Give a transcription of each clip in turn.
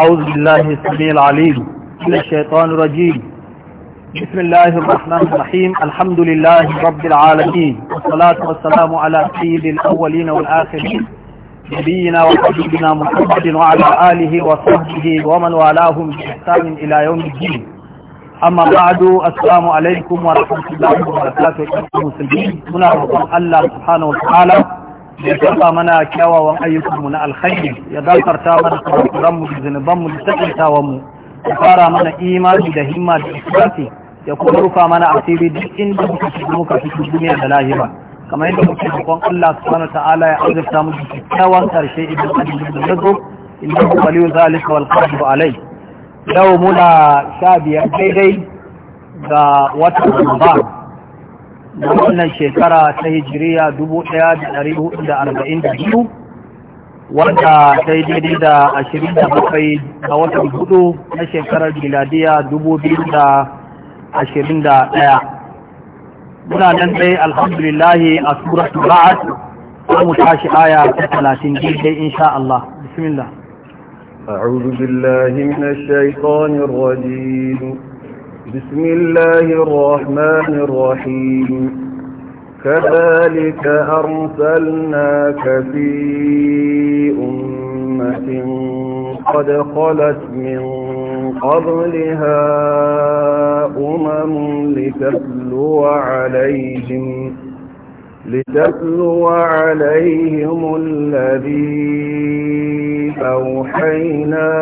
أعوذ بالله السميع العليم من الشيطان الرجيم بسم الله الرحمن الرحيم الحمد لله رب العالمين والصلاة والسلام على سيد الأولين والآخرين نبينا وحبيبنا محمد وعلى آله وصحبه ومن والاهم بإحسان إلى يوم الدين أما بعد السلام عليكم ورحمة الله وبركاته المسلمين منا رضا الله سبحانه وتعالى ya tafa mana kyawawan ayyukanmu na alkhairi ya dalfarta mana kurakuranmu da zunubanmu da taƙaitawanmu ya fara mana imani da himma da ikirati ya kuma rufa mana asiri duk inda muka muka fi duniya da lahira kamar yadda muke roƙon Allah subhanahu ta'ala ya azurta mu da kyakkyawan karshe idan an da nazo innahu waliyyu zalika wal qadiru alai yau muna sha biyar daidai ga watan Ramadan da wannan shekara ta hijiriya 1442 wadda ta yi daidai da 27 a watan hudu na shekarar miladiya 2021 muna nan dai alhamdulillahi a suratu ra'ad za mu tashi aya ta 30 daidai insha Allah bismillah أعوذ بالله من الشيطان الرجيم بسم الله الرحمن الرحيم كذلك أرسلناك في أمة قد خلت من قبلها أمم لتتلو عليهم لتتلو عليهم الذي أوحينا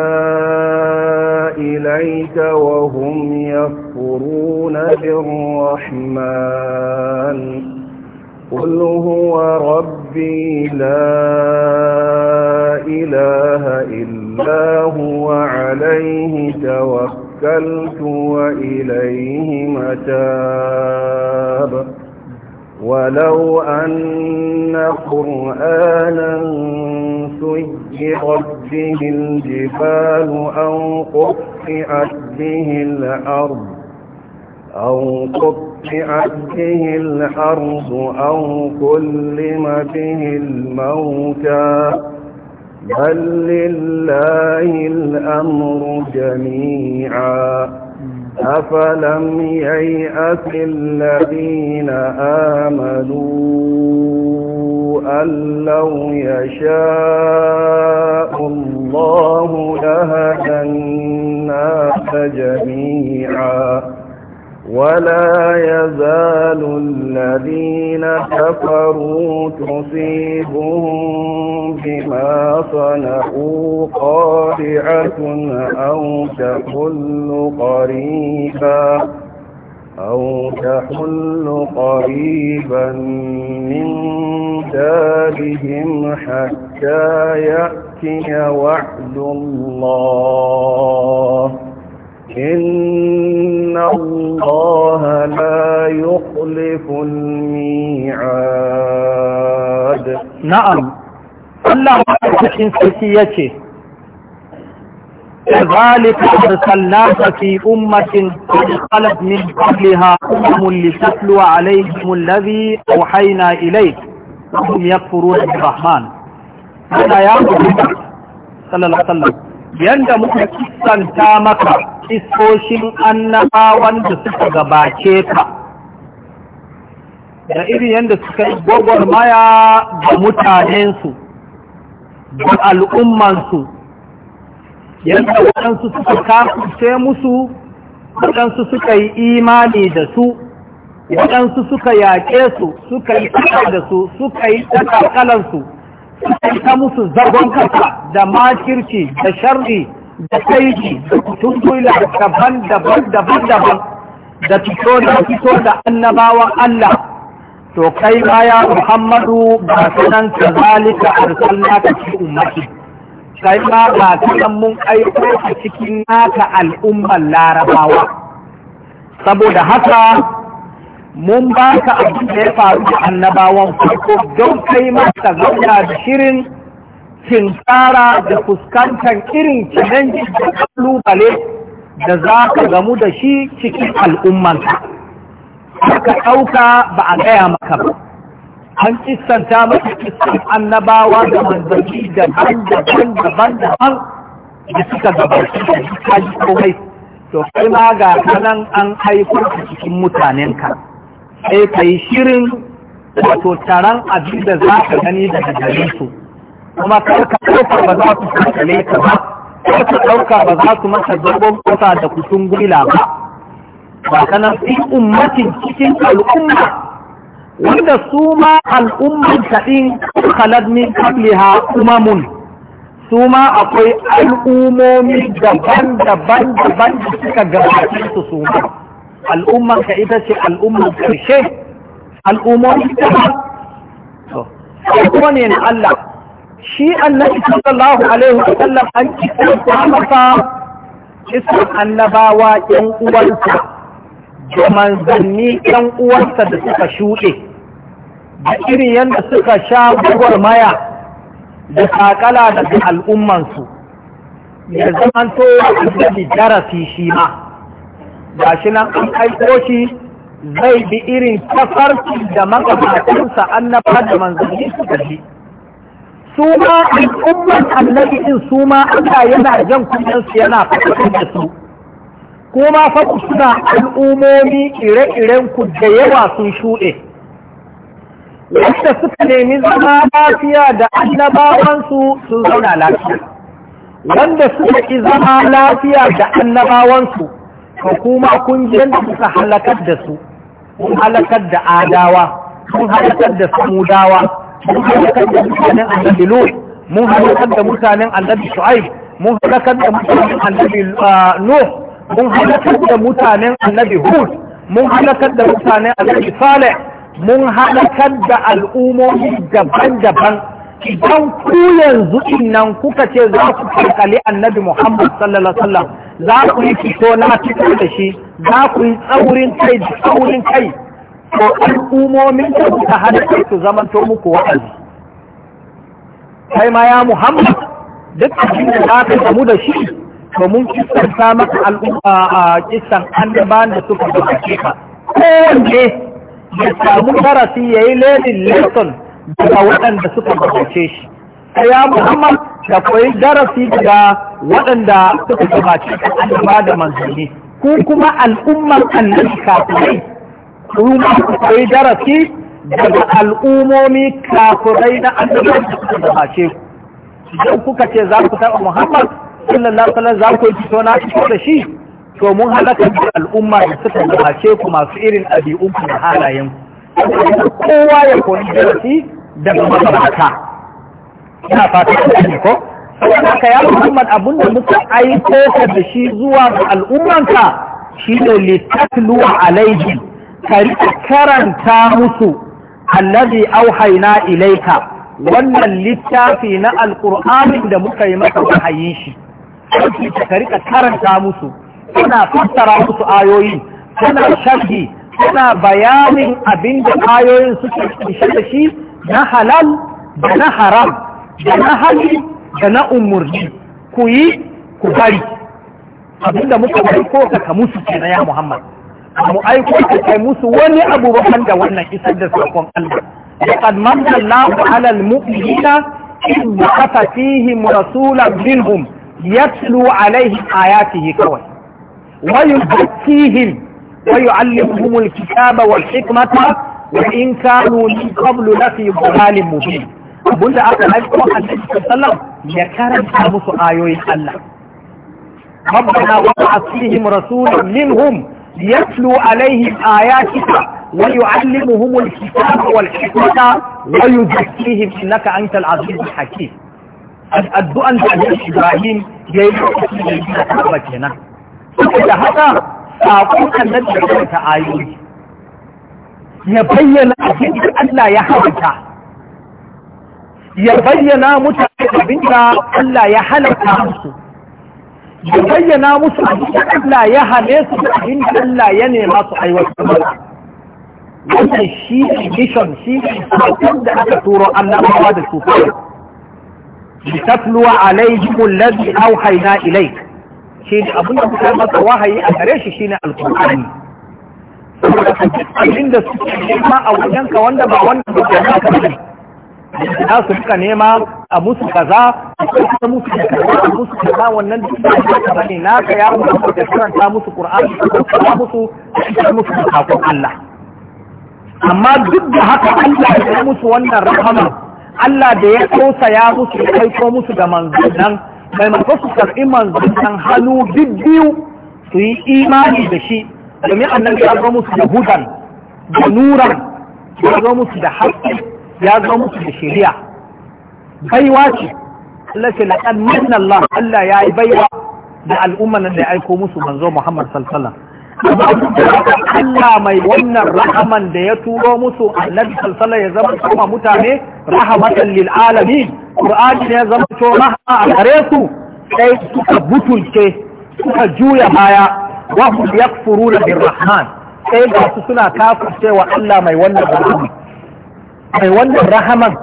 إليك وهم يكفرون بالرحمن قل هو ربي لا إله إلا هو عليه توكلت وإليه متاب ولو أن قرآنا سجرت به الجبال أو قطع قطعت به الأرض أو قطعت به الأرض أو كلم به الموتى بل لله الأمر جميعا أفلم ييأس الذين آمنوا أن لو يشاء الله لهدى الناس جميعا ولا يزال الذين كفروا تصيبهم بما صنعوا قارعة أو تحل قريبا أو تحل قريبا من دارهم حتى يأتي يأتي وعد الله إن الله لا يخلف الميعاد نعم الله مكتشن سيسيته كذلك أرسلناك في أمة قد خلت من قبلها أم لتتلو عليهم الذي أوحينا إليك وهم يكفرون بالرحمن ana ya rika sallallahu sallam yanda muka kisanta maka kissoshin annaba wanda suka gabace ka da irin yanda suka gogor maya ga mutanensu da al'ummansu yanda waɗansu suka sai musu waɗansu suka yi imani da su waɗansu suka yaƙe su suka yi tsaka da su suka yi ƙalansu. ta musu zagon kasa da makirci da sharri da kaiki da kutuntula daban daban daban daban da fito da fito da annabawan Allah to kai baya Muhammadu ba sanan ka zalika arsalna ka fi ummati kai ma ba sanan mun aiko a cikin naka al'ummar larabawa saboda haka mun ba ka abin da ya faru da annabawan farko don kai masa zauna da shirin tsara da fuskantar irin cinan da kalubale da za ka gamu da shi cikin al'ummanka ka ɗauka ba a gaya maka ba an kistanta maka kistan annabawa da manzanni daban daban daban daban da suka gabata da kaji komai to kai ma ga kanan an haifar cikin mutanenka sai eh, ka yi shirin wato taron abin da za ka gani daga gare su kuma karka ɗauka ba za su kakale ka ba karka ɗauka ba za su maka zagon kusa da kusun gwila ba ba kana fi ummatin cikin al'umma wanda su ma al'umman kaɗin kalad min qabliha umamun su ma akwai al'umomi daban-daban daban da suka gabatar su su ma al'umman ka ita ce al'umman karshe al'ummomi ta to ko ne na Allah shi annabi sallallahu alaihi wa sallam an kisa masa kisan annabawa ɗan uwarsa, da manzanni ɗan uwarsa da suka shuɗe da irin yadda suka sha gwagwarmaya da sakala daga al'ummansu ya zamanto annabi darasi shi ma ga shi nan an aiko shi zai bi irin tafarki da magabatansa annaba da manzanni suka bi su ma al'ummar annabi din su ma Allah yana jan kunyansu yana fatan da su kuma fa ku suna al'ummomi ire-iren ku da yawa sun shuɗe wanda suka nemi zama lafiya da annabawansu sun zauna lafiya wanda suka ki zama lafiya da annabawansu Ka kuma kun ji suka halakar da su kun halakar da adawa kun halakar da samudawa mun halakar da mutanen annabi lut mun halakar da mutanen annabi shu'aib mun halakar da mutanen annabi ah, nuh mun halakar da mutanen annabi hud mun halakar da mutanen annabi salih mun halakar da al'ummomi daban-daban idan ku yanzu nan kuka ce za ku kankali annabi Muhammad sallallahu alaihi wasallam za ku yi fito na fito da shi za ku yi tsaurin kai da tsaurin kai to al'umomin da suka hada kai su zamanto muku wa'azi kai ma ya Muhammad duk abin da za ka samu da shi to mun kissanta maka al'umma a kisan annabawan da suka gabace ka kowanne ya samu darasi yayi ladin lesson daga waɗanda suka gabace shi ya muhammad da koyi darasi daga waɗanda suka gabace shi annaba da manzanni ko kuma al'umman annabi kafirai kuma ku koyi darasi daga al'umomi kafirai na annabawa da suka gabace ku idan kuka ce za ku taɓa muhammad sallallahu alaihi wasallam za ku yi fito na fito da shi to mun halaka da al'umma da suka gabace ku masu irin ɗabi'unku da halayen kowa ya koyi darasi daga magabata ina fata da ne ko saboda ka ya Muhammad abin da muka aiko ka da shi zuwa ga al'ummanka shine litatluwa alaihi ka karanta musu allazi auhaina ilaika wannan littafi na alqur'ani da muka yi masa wahayin shi ka rika karanta musu kana fassara musu ayoyi kana sharhi kana bayanin abin da ayoyin suke ishe da shi na halal da na haram da na hali da na umurni ku yi ku bari abinda muka bari ko ka musu kenan ya mu aiko ka kai musu wani abu ban da wannan isar da sakon Allah laqad manna Allahu 'ala al-mu'minina in ba'atha fihim rasulan minhum yatlu 'alayhim ayatihi kawai wa yuzakkihim wa yu'allimuhum al-kitaba wal hikmata wa in kanu min qablu la fi dhalalin mubin abunda aka aiko annabi sallallahu ya karanta musu ayoyin Allah ربنا وابعث فيهم رسولا منهم يتلو عليهم آياتك ويعلمهم الكتاب والحكمة ويزكيهم إنك أنت العزيز الحكيم addu'an da Annabi Ibrahim ya yi da ya yi da haka sakon Annabi ta ayoyi ya bayyana abin da Allah ya haramta ya bayyana mutane abin da Allah ya halarta musu ya bayyana musu abin da Allah ya hane su da abin da Allah ya nema su aiwatar mana wannan shi ne mission shi ne sakon da aka turo annabawa da su kawai litatluwa alaihim alladhi awhayna ilayk shi ne abin da muka masa wahayi a gare shi shine alqur'ani abinda da suke nema a wajenka wanda ba wanda ba ke naka ne za su rika nema a musu kaza a musu kaza a musu kaza wannan da suke da ya ba ne ka ya musu da karanta musu qur'ani ko musu da musu kafin Allah amma duk da haka Allah ya yi musu wannan rahama Allah da ya kosa ya musu ya ko musu da manzon nan maimakon su karɓi manzon nan hannu biyu su yi imani da shi domin annabi ya zo musu da hudan da nuran ya zo musu da haske ya zo musu da shari'a baiwa ce Allah ce laqad manna Allah Allah ya yi baiwa da al'umman da ya aiko musu manzo Muhammad sallallahu alaihi Allah mai wannan rahaman da ya turo musu annabi sallallahu ya zama kuma mutane rahamatan lil alamin Qur'ani ne ya zama to rahama a gare su sai suka butulce suka juya baya wa hum yakfuruna birrahman sai ga su suna kafircewa Allah mai wannan rahama mai wannan rahaman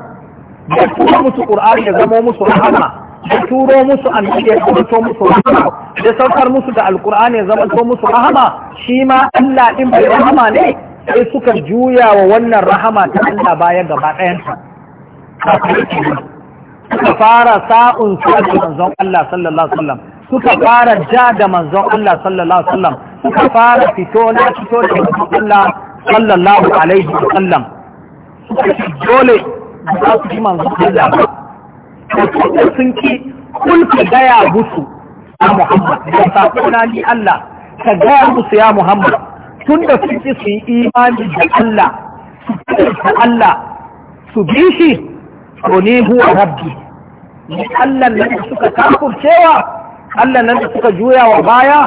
da turo musu qur'ani ya zamo musu rahama da turo musu annabi ya zamo musu rahama da saukar musu da alqur'ani ya zamo musu rahama shi ma Allah din bai rahama ne sai suka juya wa wannan rahama ta Allah baya gaba ɗayanta suka fara sa'un su da manzon Allah sallallahu alaihi wasallam suka fara ja da manzon Allah sallallahu alaihi wasallam suka fara fito na fito da manzon Allah sallallahu alaihi wasallam suka ci dole za su ji manzon Allah ba ko sun ki kul ka gaya musu ya Muhammad da sakona ni Allah ka gaya musu ya Muhammad tun da sun ki su yi imani da Allah da Allah su bi shi to ni huwa rabbi ni Allah ne suka kafurcewa Allah nan da suka juya wa baya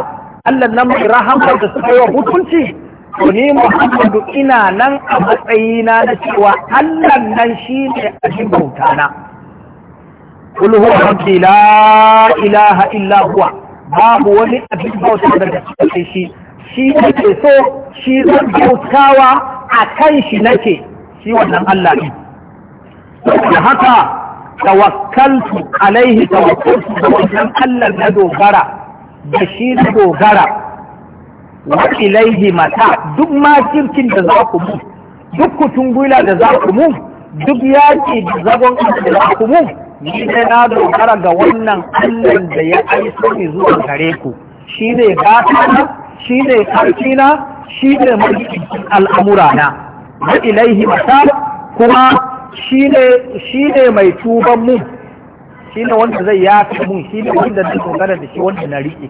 Allah nan mai rahamar da suka yi wa hukunci to ni Muhammadu ina nan a matsayina na cewa Allah nan shi ne a cikin bauta na Kul huwa rabbi la ilaha illa huwa babu wani abin bauta da gaskiya shi shi nake so shi zan bautawa a kan shi nake shi wannan Allah ne. da haka tawakkaltu alaihi tawakkaltu da wajen Allah na dogara da shi na dogara wa ilaihi mata duk makircin da za ku mu duk kutungula da za ku mu duk yaƙi da zagon da za ku mu ni dai na dogara ga wannan Allah da ya aiso ni zuwa gare ku shi ne gata shi ne karfi na shi ne mulkin al'amura na wa ilaihi mata kuma shi ne mai tuban mu shi ne wanda zai yafi mun shi ne wanda zai dogara da shi wanda na riƙe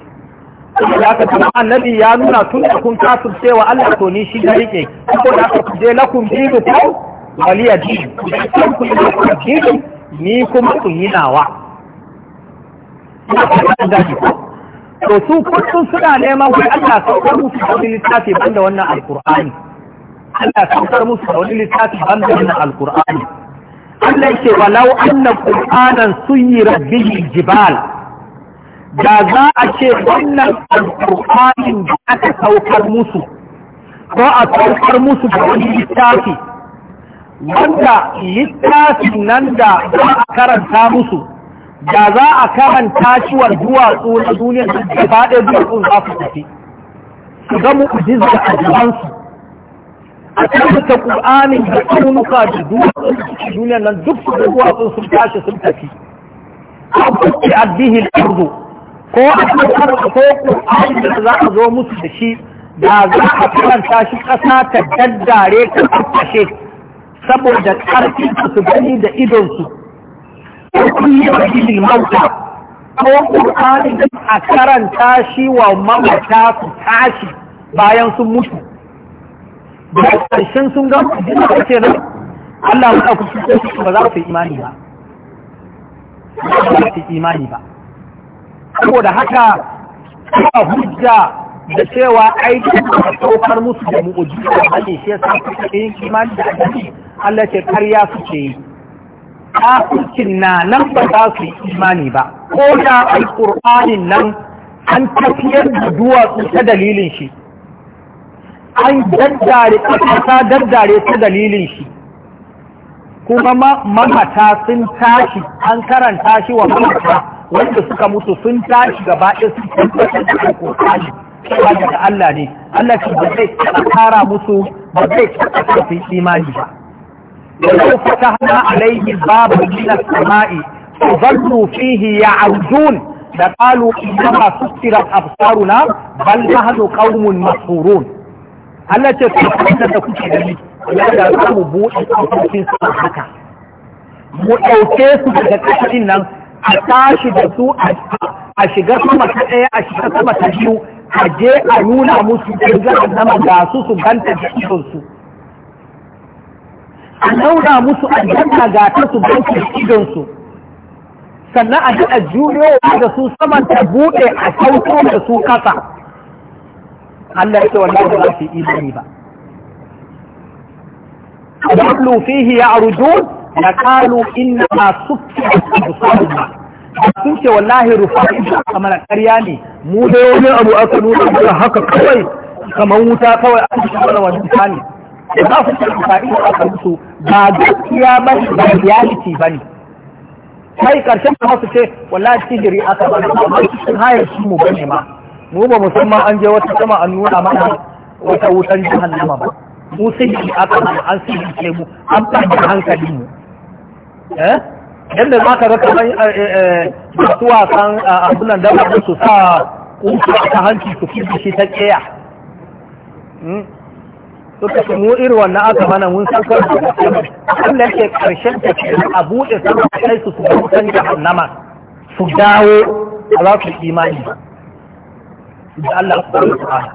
ya ka tuma annabi ya nuna tun da kun kasur cewa Allah to ni shi na riƙe ko da ka je lakum dinu ko waliya dinu kun ni kuma kun yi nawa to su kullum suna neman ku. Allah saukar musu wani littafi banda wannan alkur'ani Allah saukar musu da wani littafi bangaren alkur'ani Allah yake walau anna qur'anan suyirat bihi jibal da za a ce wannan alkur'anin da aka saukar musu ko a saukar musu da wani littafi wanda littafin nan da za a karanta musu da za a karanta shi wa duwatsu na duniya da faɗe duwatsun za su tafi su ga mu'ujizar a jihansu a tabbata ƙur'anin da ƙaunuka da duniya nan duk su duwatsun sun tashi sun tafi a kuke da ardu ko a tabbata ko ƙur'anin da za a zo musu da shi da za a karanta shi ƙasa ta daddare ta tsaftashe saboda ƙarfin su gani da idonsu ko mauta ko ƙur'anin a karanta shi wa mamata su tashi bayan sun mutu da ƙarshen sun ga jin da kake nan Allah ya ɗauka su ba za su yi imani ba ba za su yi imani ba saboda haka kuma hujja da cewa aiki da saukar musu da mu'ujiza ba ne shi yasa suke yin imani da addini Allah ce karya suke yi kafircin na nan ba za su yi imani ba ko da alƙur'anin nan an tafiyar da duwatsu ta dalilin shi an daddare ta daddare ta dalilin shi kuma mamata sun tashi an karanta shi wa mamata wanda suka mutu sun tashi gaba ɗaya sun tabbatar da alƙur'ani cewa da Allah ne Allah shi ba zai kara musu ba zai kara su imani ba yau fata hana alaihi babu gina sama'i tuzannu fihi arjun da qalu inna ma sustirat absaruna bal nahnu qaumun masrurun Allah ce kuma da kuke gani ya da za mu buɗe kofofin su haka mu ɗauke su daga ƙasashen nan a tashi da su a shiga sama ta ɗaya a shiga sama ta biyu a je a nuna musu ɗan nama ga su su ganta da idonsu a nuna musu aljanna ga ta su ganta da idonsu sannan a ji a jurewa da su saman ta buɗe a kyautar da su kasa Allah yake wallahi ba su imani ba daklu fihi ya'rujun la qalu inna ma sukkirat ba. sun ce wallahi rufa'i da kamar ƙarya ne mu da ne abu aka nuna da haka kawai kamar wuta kawai an shi wani wani tsani za su ce rufa'i da aka musu ba gaskiya ba ne ba reality ba ne sai ƙarshen ba su ce wallahi jiri aka ba da ba sun hayar shi mu ba ne ma mu ba musamman an je wata sama an nuna mana wata wutan jahannama ba mu yi aka an yi ke mu an fahimci hankali mu eh yadda za ka raka mai eh, eh, eh, masu wasan abunan da su sa kusa ta hanci su fi shi ta tsaya suka fi mu irin wannan aka mana mun san kawai da Allah ke karshen ta ke a buɗe sama kai su su ga wutan jahannama su dawo a za su imani ba da Allah subhanahu wa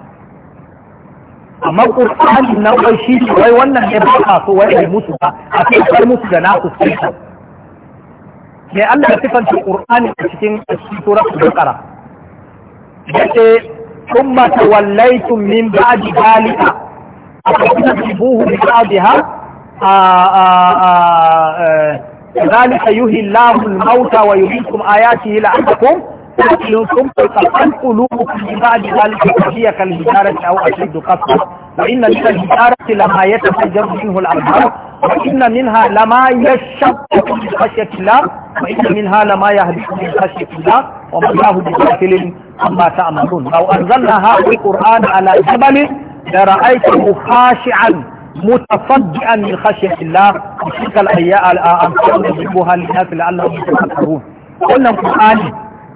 amma qur'ani nan wai shi wai wannan ne ba ka so wai musu ba a ce kar musu da nasu sai ne Allah ya sifanta qur'ani a cikin suratul baqara yace ثم توليتم من بعد ذلك أفتتبوه ببعضها ذلك يهي الله الموت ويريكم آياته لعلكم ثم تلقن قلوبكم بعد ذلك فهي كالحجارة أو أشد قسوة وإن من الهجارة لما يتفجر منه الأنهار وإن منها لما يشق من خشية الله وإن منها لما يهدف من خشية الله وما الله بغافل أما تعملون لو أنزلنا هذا القرآن على جبل لرأيته خاشعا متفجعا من خشية الله وتلك الأيام الأمثال نجيبها للناس لعلهم يتفكرون قلنا القرآن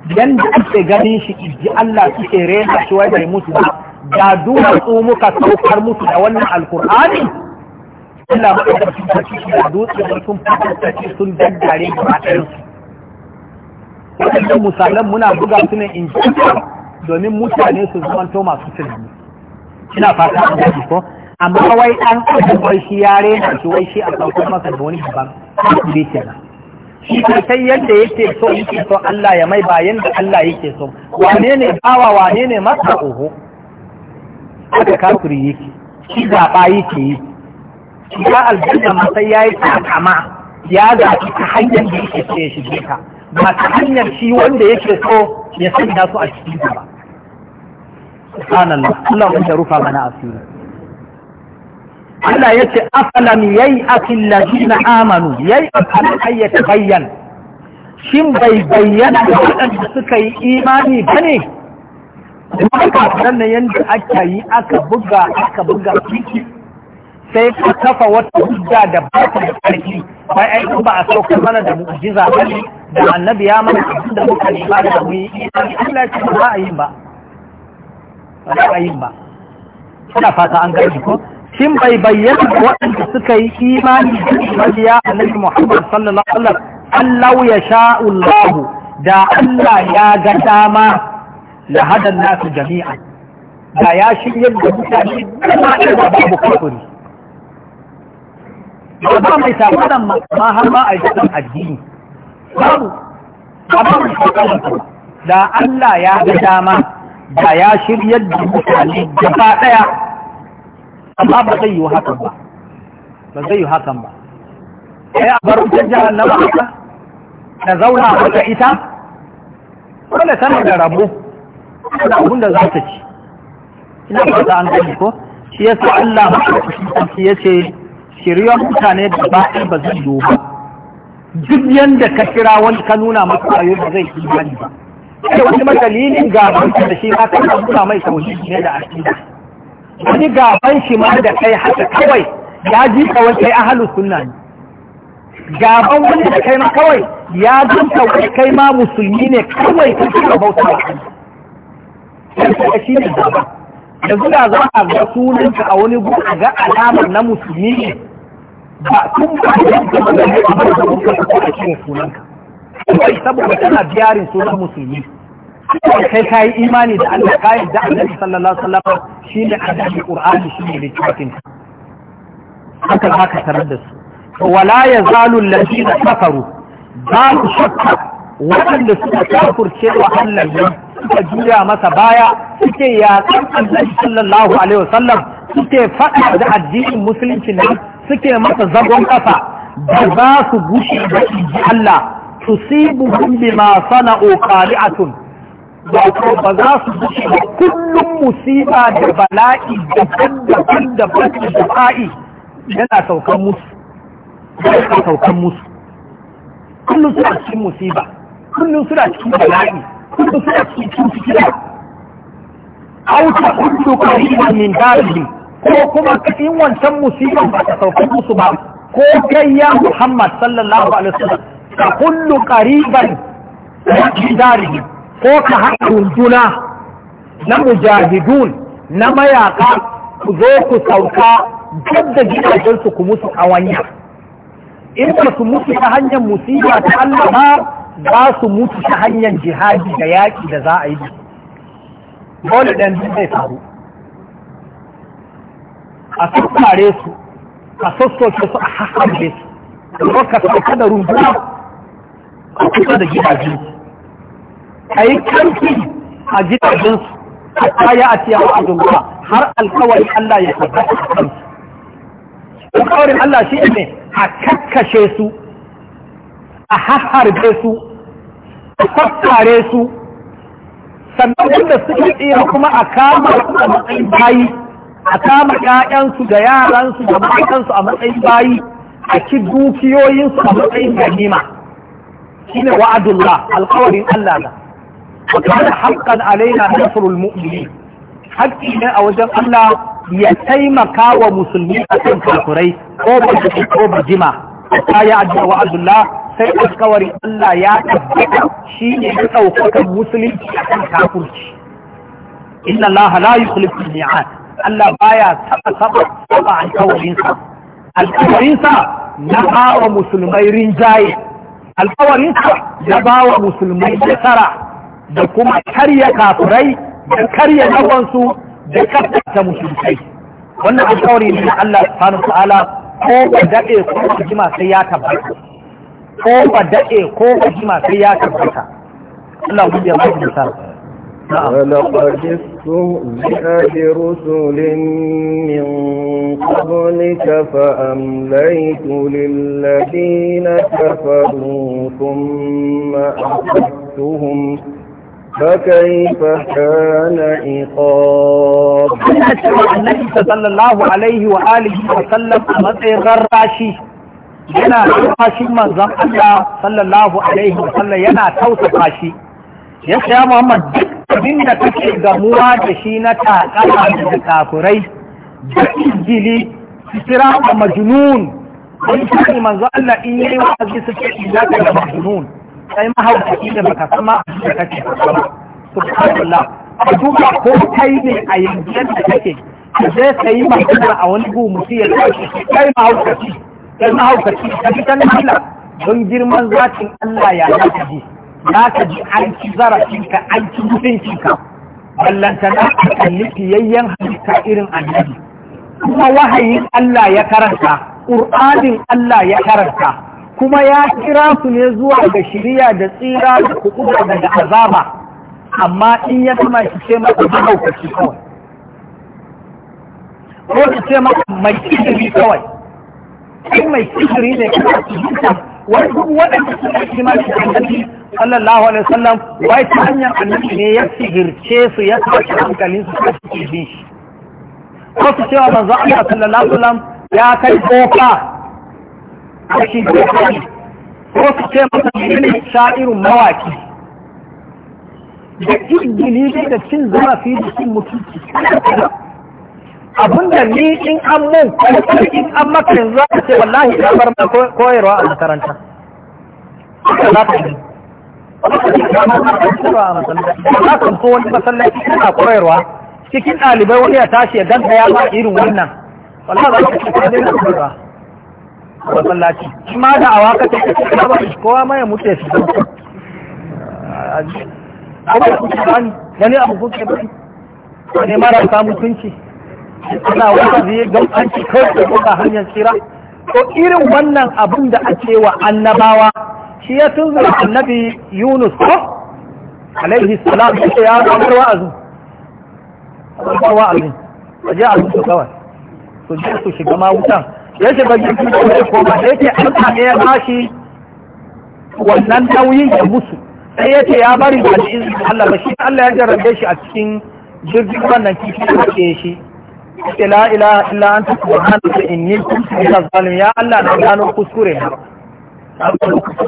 yanda ake ganin shi iji Allah suke rena shi wai bai mutu ba da duwatsu tsumuka saukar mutu da wannan alkur'ani Allah mai da shi da shi da dutse da sun fata shi sun daddare da matan su wannan misalan muna buga su ne in domin mutane su zama to masu tunani ina fata an gaji ko amma wai an wai shi yare na shi wai shi a saukar masa da wani babban bai kenan shi sai yadda yake so yake so Allah ya mai bayan yadda Allah yake so wane ne bawa wane ne masa oho aka kafiri yake shi zaɓa yake yi shi ya aljanna ma sai ya yi takama ya zaɓi ta hanyar da yake so ya shige ta ba ta hanyar shi wanda yake so ya sanya su a cikin ba subhanallah Allah mun rufa mana asiri Allah ya ce afalam yai afin na amanu yai afalam ai Bayyan. shin bai bayyana da waɗanda suka yi imani ba ne kuma ka nan yadda aka yi aka buga aka buga kiki sai ka kafa wata hujja da ba ta da ƙarfi bai ai ba a sauka mana da mu'jiza ba ne da annabi ya mana abin da muka nema da mu yi imani Allah ya ce ba a yin ba ba a yin ba ina fata an gani ko shin bai bayyana waɗanda suka yi imani da mabiya annabi Muhammad sallallahu alaihi wasallam Allah ya sha'u Allah da Allah ya ga dama la hadan nasu jami'a, da ya shiryar da mutane da babu kafiri ba ba mai sabanan ma har ma a cikin addini babu amma mai sabanan da Allah ya ga dama da ya shiryar da mutane gaba daya amma ba zai yi hakan ba ba zai yi hakan ba sai a bar wutar jahannama haka ta zauna haka ita wanda tana da rabo da abun da za ta ci ina za an gani ko shi ya sa Allah shi ce shiryon mutane da ba ba zai yiwu ba duk yadda ka kira wani ka nuna masu ayo ba zai yi ba sai wani madalilin gaban da shi ma ka nuna mai tauhidi ne da asida. wani gaban shi ma da kai haka kawai ya ji kawai kai ahalus sunna ne gaban wani da kai ma kawai ya ji kawai kai ma musulmi ne kawai ta kira bauta wa kai shi ne gaba yanzu da za a ga sunanka a wani gu a ga alamar na musulmi ne ba sun ba da yadda da da a ba da kuka a da sunanka kawai saboda tana biyarin sunan musulmi kai ka yi imani da Allah ka yi da Annabi sallallahu alaihi wasallam shine annabi Qur'ani shine littafin haka haka tarar da su wala yazalu alladhina kafaru ba su shakka waɗanda suka kafurce wa Allah ne suka juya masa baya suke yaƙan Allah sallallahu alaihi wasallam suke faɗa da addinin musulunci ne suke masa zagon ƙasa da za su gushe da Allah tusibuhum bima sana'u qari'atun wato ba za su zuci da kullum musiba da bala'i daban da daban da fa'i yana saukan musu yana saukan musu kullum suna cikin musiba kullum suna cikin bala'i kullum suna cikin da. auta kullu qariban min darihim ko kuma in wancan musiban ba ta saukan musu ba ko gayya Muhammad sallallahu alaihi wasallam ka kullu qariban min darihim ko ka haɗa runduna na mujahidun na mayaka ku zo ku sauka duk da gidajensu ku musu ƙawanya in ba su mutu ta hanyar musiba ta Allah ba za su mutu ta hanyar jihadi da yaƙi da za a yi dole ɗan zai faru a sassare su a sassoke su a hakan su da ka sauka da runduna a kusa da gidajensu Ka yi kamfi a gidajensu a kaya a ciyawa a dunga har alkawarin Allah ya tabbata a kansu alkawarin Allah shi ne a kakkashe su a hasharbe su a kwattare su sannan wanda suka tsira kuma a kama a matsayin bayi a kama ƴaƴansu da yaransu da matansu a matsayin bayi a ci dukiyoyinsu a matsayin ganima ne wa'adullah alkawarin Allah na وكان حقا علينا نصر المؤمنين حقي ne a wajen Allah ya taimaka wa musulmi a kan kafirai ko ba ko ba jima ta ya addu'a wa Abdullah sai alkawari Allah ya tabbata shi ne ya ɗaukaka musulunci a kan kafirci inna Allah la yukhlifu al-mi'ad Allah baya taba saba saba alkawarinsa alkawarinsa na ba wa musulmai rinjaye alkawarinsa ya ba wa musulmai nasara da kuma karya kafirai da karya nagonsu da kafta mushrikai wannan alƙawari ne na Allah subhanahu ta'ala ko ba dade ko ba sai ya tabbata ko ba dade ko ba sai ya tabbata Allah mu ya mutu sa ولقد استهزئ برسل من قبلك فأمليت للذين كفروا ثم أخذتهم فكيف كان عقاب النبي صلى الله عليه وآله وسلم matsayin rarrashi yana rarrashin manzon Allah sallallahu alaihi wa sallam, yana tausasa shi ya saya Muhammad duk abin da kake gamuwa da shi na takara da kafirai da izgili sira da majnun wani shi manzon Allah in yayi wa'azi suke ila da majnun sai mahaukaci da baka sama da kake ba subhanallah a duka ko kai ne a yanzu da kake ka je ka yi a wani gu mutum ya tashi kai mahaukaci kai mahaukaci ka fi kan Allah don girman zakin Allah ya na ka ji za ka ji an ci ka an ci mutuncinka na a kalli fiyayyen halitta irin annabi kuma wahayin Allah ya karanta ƙur'anin Allah ya karanta kuma ya kira su ne zuwa ga shirya da tsira da kuɓuta daga azaba amma in ya zama shi ce maka mahaukaci kawai ko shi ce maka mai kishiri kawai in mai kishiri ne kuma su jika wani duk waɗanda suka yi ma shi annabi sallallahu alaihi wasallam wai ta hanyar annabi ne ya sigirce su ya sace hankalin su ko su ji shi ko su ce wa manzo Allah sallallahu alaihi wasallam ya kai kofa da ya jirgin ko su ce masa menene sha'irin mawaki da ingili da cin zarafi da cin mutunci abinda ni in an mun kuma in an maka yanzu za ka ce wallahi ya bar ma koyarwa a makaranta za ka so wani masallaci kana koyarwa cikin ɗalibai wani ya tashi ya ganta ya ma irin wannan wallahi za ka ce ka daina koyarwa masallaci shi ma da awa ka take kaba kowa ma ya mutu ya shiga kuma da kuke bani abu mara ta mutunci ana wata zai ga an ci kawai da kuka hanyar tsira to irin wannan abin da ake wa annabawa shi ya tunzura annabi yunus ko alaihi salam ya ce ya a mutu kawai su su shiga ma wutan yake ba gidan da ya koma yake Allah ne ya bashi wannan nauyin ya musu sai yake ya bari ba da izinin Allah ba shi Allah ya jarrabe shi a cikin jirgin wannan kifi da ke shi an ta ilaha illa anta in inni kuntu minaz zalim ya Allah na gano kuskure na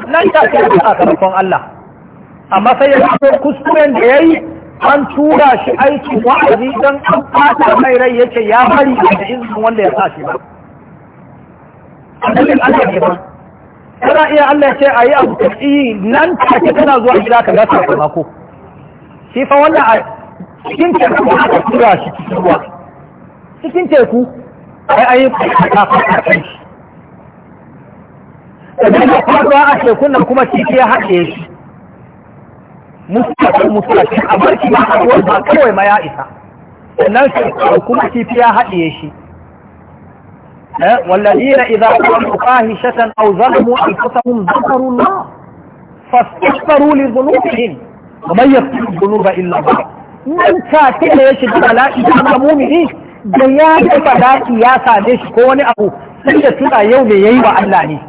nan ta ce a karfon Allah amma sai ya gano kuskuren da yi an tura shi aiki wa'azi don an fata mai rai yake ya bari da izinin wanda ya sa shi ba annabin Allah ne ba kana iya Allah ce ayi abu kaci nan take tana zuwa gida ka ga sakamako shi fa wannan a cikin teku aka tura shi cikin ruwa cikin teku ai ayi ka fara kan shi idan Kuma fara a tekun nan kuma shi ya haɗe shi mutlakin mutlakin a barki ba a ruwan ba kawai ma ya isa sannan kuma kifi ya haɗe shi والذين إذا قاموا فاهشة أو ظلموا أنفسهم ذكروا الله فاستغفروا لذنوبهم ومن يغفر الذنوب إلا الله من كاتب يشد على إسلامه بيان فلا قياس عليه كون أبو سيدة سنة يوم يوم الله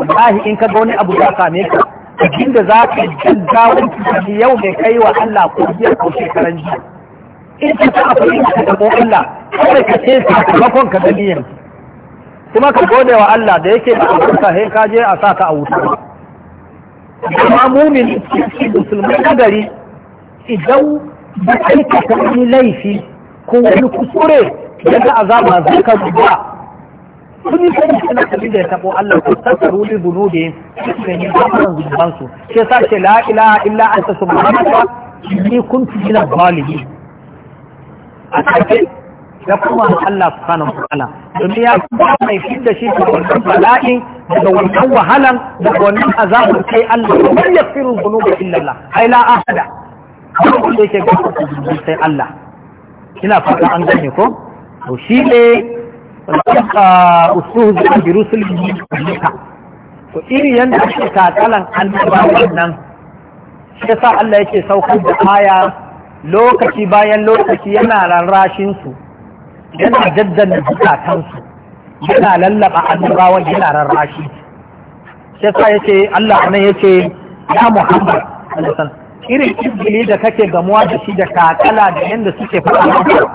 والله إن دون أبو جاكا نيكا أجند ذاك الجزاء يوم يوم الله قد يكون شكرا جيدا in ka sa kuɗi ka Allah kawai ka ce sakamakon ka gani yanzu kuma ka gode wa Allah da yake da abinka sai ka je a sa ka a wuta amma mumin musulmai nagari idan ba ta wani laifi ko wani kuskure yadda azaba zai ka zuwa sun yi sani suna kalli da ya tabo Allah ko sassa ruli bulu da yin ne ne zamanin zubansu ke sa ce la ilaha illa anta subhanaka ni kuntu minal zalimin a take ya kuma Allah subhanahu wa ta'ala domin ya kuma mai fidda shi daga wannan bala'in Da wannan wahalan da wannan azabun kai Allah man yaghfiru dhunuba illa Allah ai la ahada kuma wanda yake gafarta zunubi sai Allah ina fata an gane ko to shi ne usuhu da birusulin ka Ko iri yanda ake takalan annabawan nan shi yasa Allah yake saukar da aya lokaci bayan lokaci yana rarrashinsu yana daddana zukatansu yana lallaba annabawan yana rarrashi sai sa yace Allah ne yace ya Muhammad sallallahu irin ibili da kake gamuwa da shi da kakala da yadda suke faɗa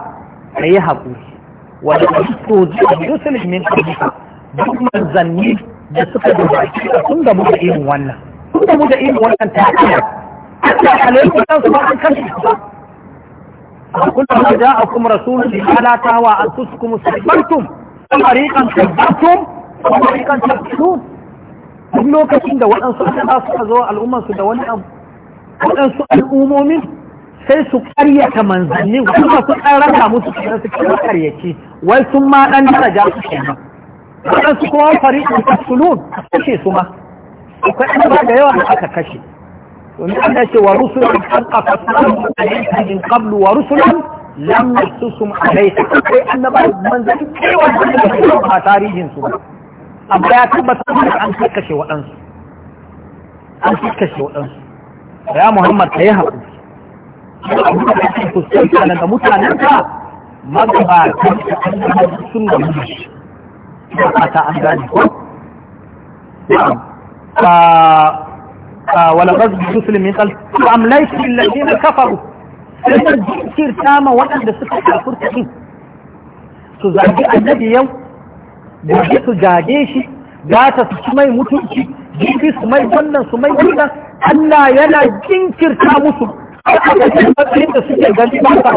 ka yi haƙuri wanda su zuwa musulmin min kabisa duk manzanni da suka dubaci sun gamu da irin wannan sun gamu da irin wannan ta ta'ala Allah alaikum sallallahu alaihi wasallam كلما جاءكم رسول فلا تهوى أنفسكم استكبرتم فريقا كذبتم وفريقا تقتلون duk lokacin da waɗansu aka suka zo al'ummarsu da wani abu waɗansu al'ummomin sai su karyata manzannin kuma su ɗan raka musu kenan su kira karyaci wai sun ma ɗan daraja su kenan waɗansu kuma fari'in tasulun kashe su ma akwai ɗan da yawa da aka kashe ومعنى ورسلا حق قصصناهم عليك من قبل ورسلا لم نحسسهم عليك أي أن بعض من ذلك كي وزنهم تاريخ سبا أبدا لا تبت أن تكشي وأنس أن تكشي وأنس يا محمد كيهب أنا da mutanenka magabatan sun da mushi ba ta an gane ko wala qazbi muslim min qalb amlaytu lil ladina kafaru sai jinkir tama waɗanda suka kafurta din su zagi annabi yau gobe su gade shi gata su ci mai mutunci jibi su mai wannan su mai wannan Allah yana jinkirta musu har aka ce matsayin da suke gani kuma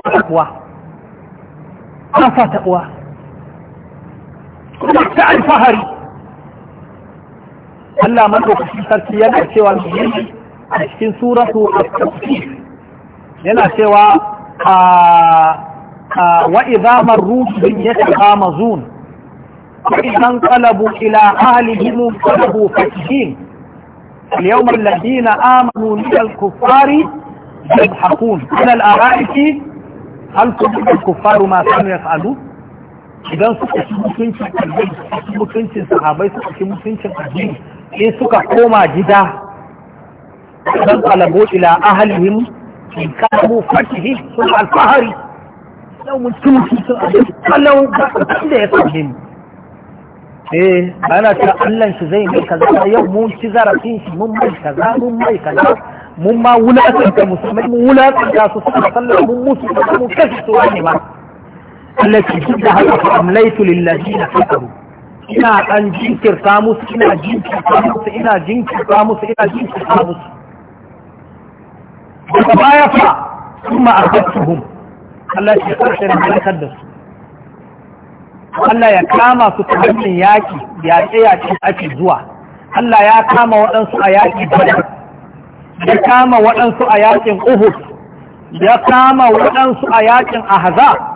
ta alfahari Allah madaukakin sarki yana cewa a cikin suratu at-tafsir yana cewa wa idza marru ta yatahamazun wa idan qalabu ila ahlihim qalabu fakihin اليوم الذين آمنوا من الكفار يضحكون على الأرائك هل تجد الكفار ما كانوا يفعلون idan suka ci mutuncin addini suka ci mutuncin sahabai suka ci mutuncin addini sai suka koma gida don talabo ila ahlihim in kamu fatihi sun alfahari yau mun ci mutuncin addini ga kasan da ya sami mu eh ana ta Allah shi zai mai kaza yau mun ci zarafin shi mun mai kaza mun mai kaza mun ma da musamman, mun da su suka sallar mun musu mun kashe su wani ma التي جدها فأمليت للذين كفروا إنا أن جنكر قاموس إنا جنكر قاموس إنا جنكر قاموس إنا جنكر قاموس وما ثم أخذتهم التي أرسل عليك الدرس Allah ya kama su ta hannun yaƙi yaƙe-yaƙe ake zuwa Allah ya kama waɗansu a yaƙi badar ya kama waɗansu a yaƙin uhud ya kama waɗansu a yaƙin ahzab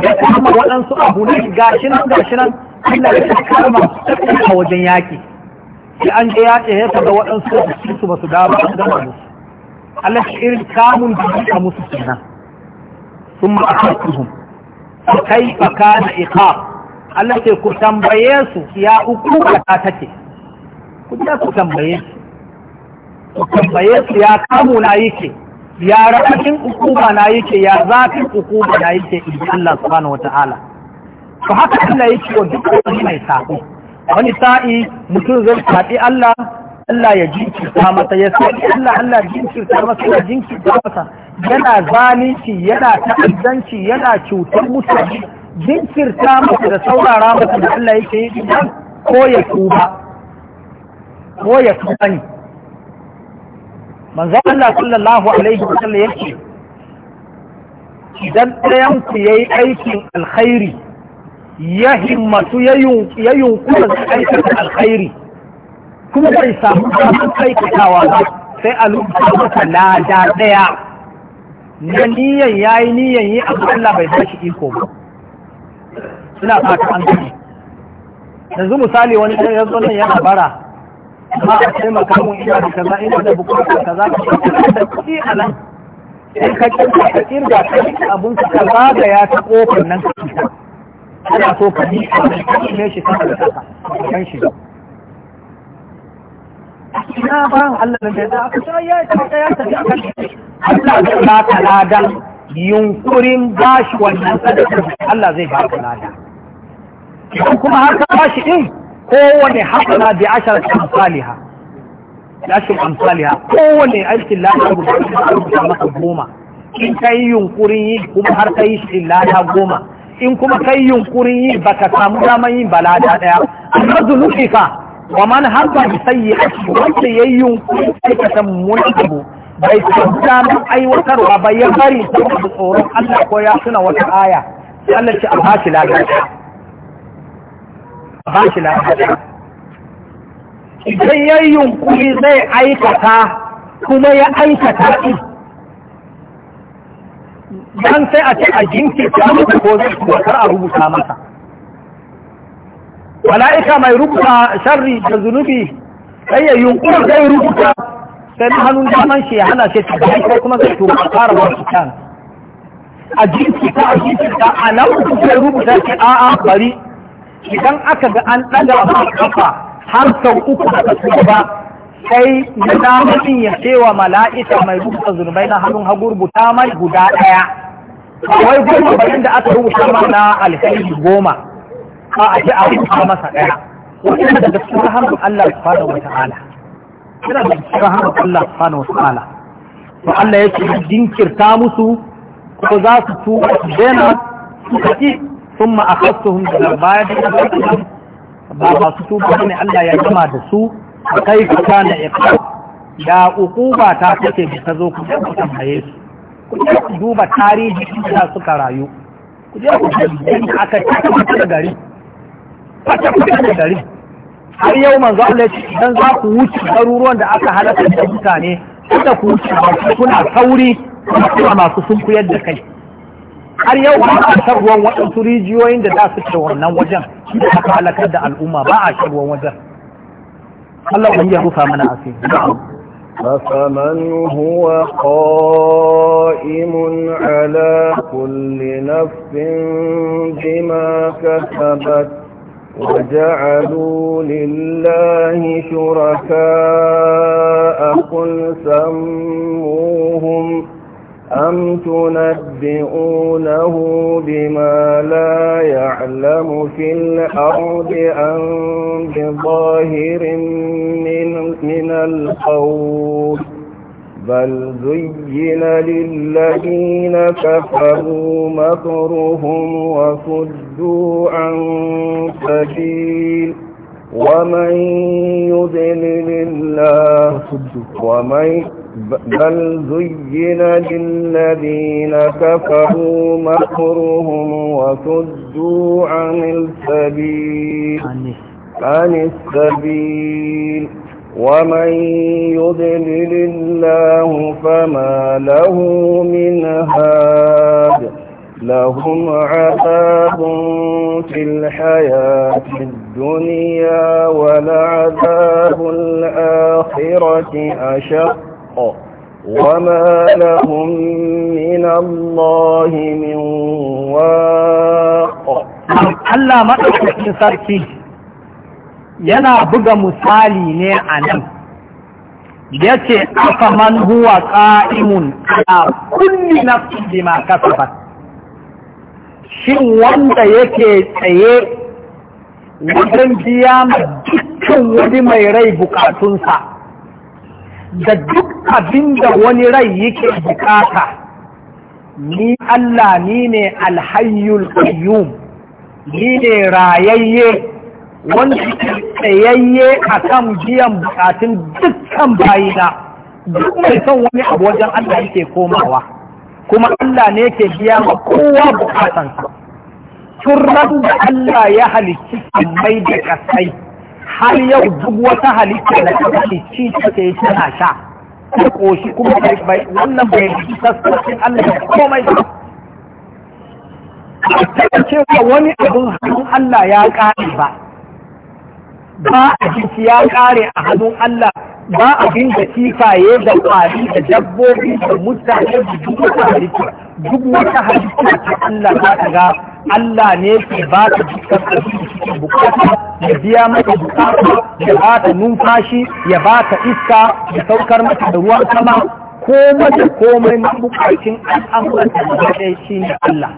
da kama waɗansu abu ne gashi nan gashi nan Allah ya kama a wajen yaki. sai an ga yaƙi ya faga waɗansu da su su ba su dawo da gama musu Allah shi irin kamun da ka musu kenan sun ma akakuhum kai baka da iqab Allah ke ku tambaye su ya uku ta take ku je ku tambaye su ku tambaye su ya kamuna na yake ya ra'akin ukuba na yake ya zafin ukuba na yake in Allah subhanahu wata'ala to haka Allah yake wa duk wani mai sako wani sa'i mutum zai faɗi Allah Allah ya jinkirta masa ya sai Allah Allah jinkirta masa ya jinkirta masa yana zalunci yana ta'addanci yana cutar mutane jinkirta masa da saurara masa da Allah yake yi ko ya tuba ko ya tuba ne manzo Allah sallallahu alaihi wa wasallam yake idan ɗayan ku yayi aikin alkhairi ya himmatu ya yunkura da aikin alkhairi kuma bai samu damar aikatawa ba sai a lokacin masa lada ɗaya na niyan yayi niyan yi abu Allah bai ba shi iko ba suna fata an gani yanzu misali wani ya zo nan yana bara Ba a taimaka maka ina da kaza ina da bukatar kaza ka da kuɗi a nan sai ka kirga ka kirga ka yi abun ka ka ya ta kofar nan ka fita ana so ka yi a nan ka ne shi sama da kasa kan shi ina ba Allah nan da ya aka ta ya ta ya ta ya ta Allah zai ba ka ladan yunkurin shi wannan sadaka Allah zai ba ka ladan kuma har ka shi din kowane hasana bi ashar amsaliha bi ashar amsaliha kowane aikin lada rubuta maka goma in ka yi yunkurin yi kuma har ka yi shi lada goma in kuma ka yi yunkurin yi ba ka samu daman yin ba lada daya amma zunubi fa wa man harba bi sayyi'ati wanda ya yayi yunkurin aikata mummunan abu bai samu damar aiwatarwa ba ya bari saboda tsoron Allah ko ya tuna wata aya sai Allah ce a bashi lada ba shi lafiya idan ya yi yunkuri zai aikata kuma ya aikata ɗi dan sai a ce a jinki ta mutu ko zai kuwa kar a rubuta masa mala'ika mai rubuta sharri da zunubi sai ya yunkuri zai rubuta sai na hannun daman shi ya hana shi ta ko kuma zai tura a fara wasu can a jinki ta a jinki ta a nan rubuta shi a'a bari idan aka ga an ɗaga ma kafa har sau uku da su ba sai na namarin ya cewa mala'ika mai rubuta zunubai na hannun hagu rubuta mai guda ɗaya wai goma bayan da aka rubuta mana na alkhairi goma ba a ce a rubuta masa ɗaya wannan daga cikin rahamun Allah subhanahu wa ta'ala yana da cikin rahamun Allah subhanahu wa ta'ala to Allah ya yake jinkirta musu ko za su tuba su dena su kaci ثم أخذتهم بالباية بابا سوبا من الله يا جماعة سو كيف كان إقام يا أقوبة تاتي بتزوك تمهيس duba tarihi da suka rayu ku je ku jin aka tabbata da gari tabbata da gari har yau manzo Allah ce dan za ku wuce garuruwan da aka halaka da mutane kada ku wuce ba kuna sauri kuma masu sunkuyar da kai har yau ba a shan ruwan waɗansu rijiyoyin da za su ce wannan wajen shi da aka halakar da al'umma ba a shan wajen Allah wani ya rufa mana asiri أفمن هو قائم على كل نفس بما كسبت وجعلوا لله شركاء قل سموهم أم تنبئونه بما لا يعلم في الأرض أم بظاهر من, من القول بل زين للذين كفروا مكرهم وصدوا عن سبيل ومن يذلل الله ومن بل زين للذين كفروا مكرهم وصدوا عن السبيل عن السبيل ومن يضلل الله فما له من هاد لهم عذاب في الحياة الدنيا ولعذاب الآخرة أشق الحق وما لهم من الله من واق Allah sarki yana buga misali ne a nan, ya ce, Aka man ƙa'imun a kulli nafsi bima kasabat. Shin wanda yake tsaye wajen biya dukkan wani mai rai buƙatunsa. da duk abin da wani rai yake bukata ni Allah ni ne alhayyul qayyum ni ne rayayye wanda ke tsayayye a kan biyan bukatun dukkan bayina duk mai son wani abu wajen Allah yake komawa kuma Allah ne ke biya ma kowa bukatansa tun da Allah ya halicci mai da kasai har yau duk wata halitta da ta kashe ci take tana sha ta koshi kuma bai wannan bai yi sassafin Allah ya komai ba ta cewa wani abin hannun Allah ya kare ba ba a jiki ya kare a hannun Allah ba abin da kifaye da kwari da dabbobi da mutane da duk wata halittu duk wata halitta ta Allah za ta ga Allah ne ke ba ta dukkan abin bukata ya biya mata bukata ya ba ta numfashi ya ba ta iska ya saukar mata da ruwan sama komai da komai na bukacin al'amuran da shi ne Allah.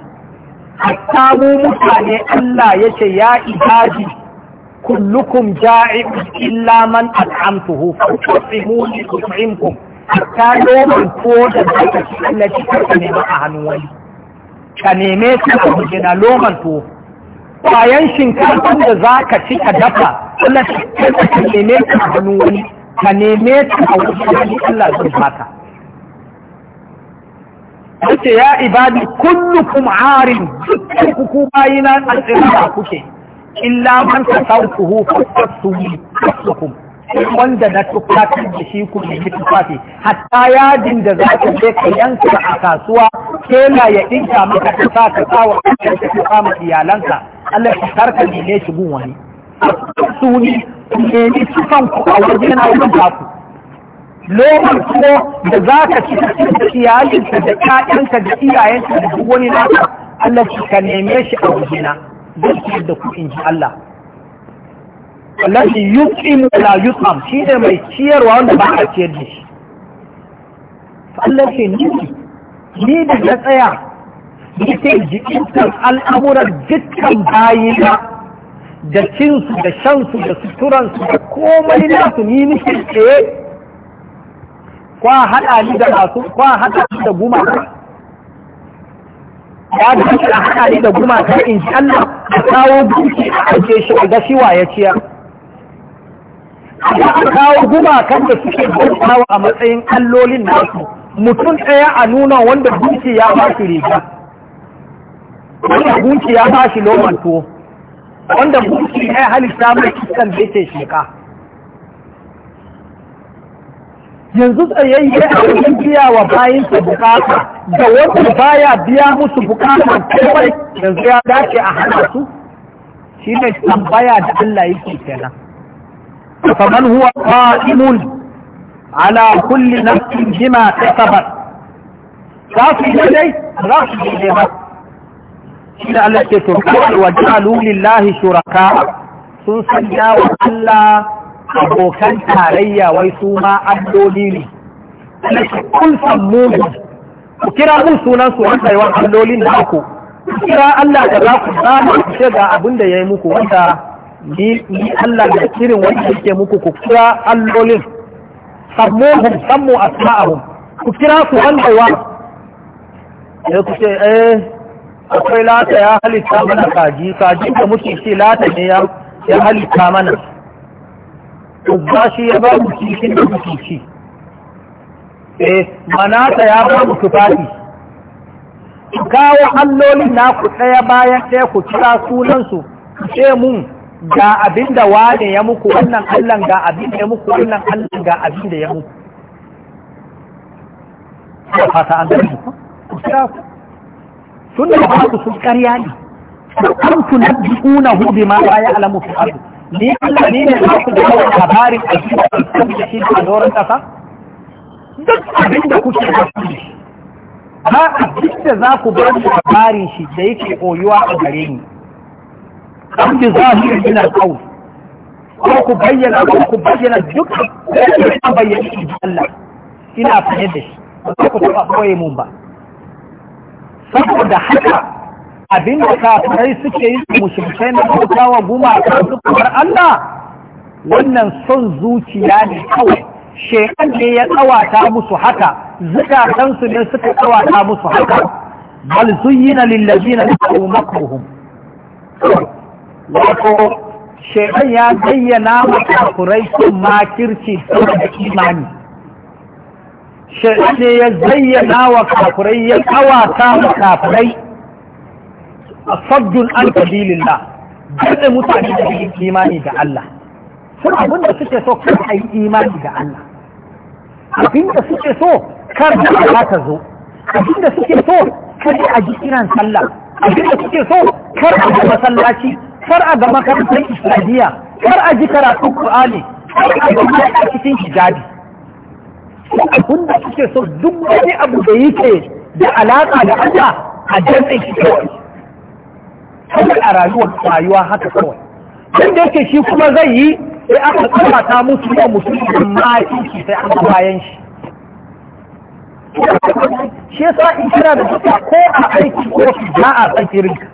Hatta mu mutane Allah ya ce ya ibadi kullukum ja'i'un illa man at'amtuhu fa'timuni tu'imkum ka noman ko da zaka ci a hannun wani ka neme ka shinkafa da zaka ci ka dafa ka neme ta a hannun wani ka neme ta a wani Allah zai baka yace ya ibadi kullukum arin dukkan ku bayina al'irara kuke illa man kasautuhu fasasuhu kasukum wanda na tufatar da shi ku nemi tufafi hatta yadin da za ka je ka yanka a kasuwa na ya ɗinka maka ta sa ka kawo ka tufa kama iyalanka Allah ya karka ne shi gun wani su suni ku nemi tufan ku a na wajen wajen ku lokacin ko da za ka ci da iyalinka da ƴaƴanka da iyayenka da duk wani naka Allah ka neme shi a na. zai ciyar da ku in ji Allah wallahi yut'imu la shi shine mai ciyarwa wanda ba a ciyar da shi Allah ce ni ni da ta tsaya ni ji ikon al'amuran dukkan ba da cinsu da shansu da suturansu da komai nasu ni nake tsaye kwa haɗa ni da masu kwa haɗa ni da gumaka ya shi a haɗa ni da gumaka in ji Allah a kawo gunki a aike shi a gashi wa ya ciyar a kawo gumakan da suke bautawa a matsayin allolin nasu mutum ɗaya a nuna wanda gunki ya ba shi riga wanda gunki ya ba shi loman wanda gunki ya halitta mai kiskan da yake shiƙa. yanzu tsayayye a wajen biya wa bayansa bukata da wanda baya biya musu bukata kawai da ya dace a hana su shi ne tambaya da Allah yake kenan faman huwa qa'imun ala kulli nafsin bima kasabat za su yi dai za su yi dai ba shi da Allah ke to wa ja'alu lillahi shuraka sun sanya wa Allah abokan tarayya wai su ma addoli ne Allah kun san mu ku kira mun sunan su wanda yawan allolin da ku kira Allah da za ku zama ku ce ga abin da yi muku wanda ni Allah da kirin wanda yake muku ku kira allolin sammuhum sammu asma'ahum ku kira su wanda yawa ya ku ce eh akwai lata ya halitta mana kaji kaji da muke ce lata ne ya halitta mana ba shi ya ba mu cikin da muke ci. Eh, manasa ya ba mu tufafi ku kawo allolin naku ɗaya bayan ɗaya ku kira sunansu ku ce mun ga abin da wane ya muku wannan allan ga abin da ya muku wannan allan ga abin da ya muku da fata an zai ku kira su tun da ba su sun karya ne an tunabbi'una hu bima la ya'lamu fi al ni Allah ne ne su da labarin a cikin da shi da doron kasa duk abin da kuke da shi ba duk da za ku bar labarin shi da yake koyuwa a gare ni kan da za mu yi na kawo ko ku bayyana ko ku bayyana duk da yake bayyana shi Allah ina fahimta da shi ba ku taba koye mun ba saboda haka abin da kafirai suke yi musulmai na bauta wa gumaka su kamar Allah wannan son zuciya ne kawai shekan ne ya tsawata musu haka zukatansu ne suka tsawata musu haka bal zuyyina lillazina kafaru makruhum wato shekan ya zayyana ma kafurai sun makirci saboda imani shekan ne ya zayyana wa kafurai ya tsawata ma a sabbin an kabilillah dole mutane da imani da Allah sun abin da suke so kan a yi imani da Allah abinda suke so kar da Allah ta zo abinda suke so kar a ji kiran sallah abinda suke so kar a ga masallaci kar a ga makarantar islamiyya kar a ji karatun qur'ani kar a ga a cikin hijabi abinda suke so duk wani abu da yake da alaka da Allah a dantsa shi kawai a rayuwa rayuwa haka kawai da yake shi kuma zai yi sai aka tsara ta musu yau musulman maki shi sai an bayan shi shi yasa in kira da duka ko a aiki ko ba a tsakirin ka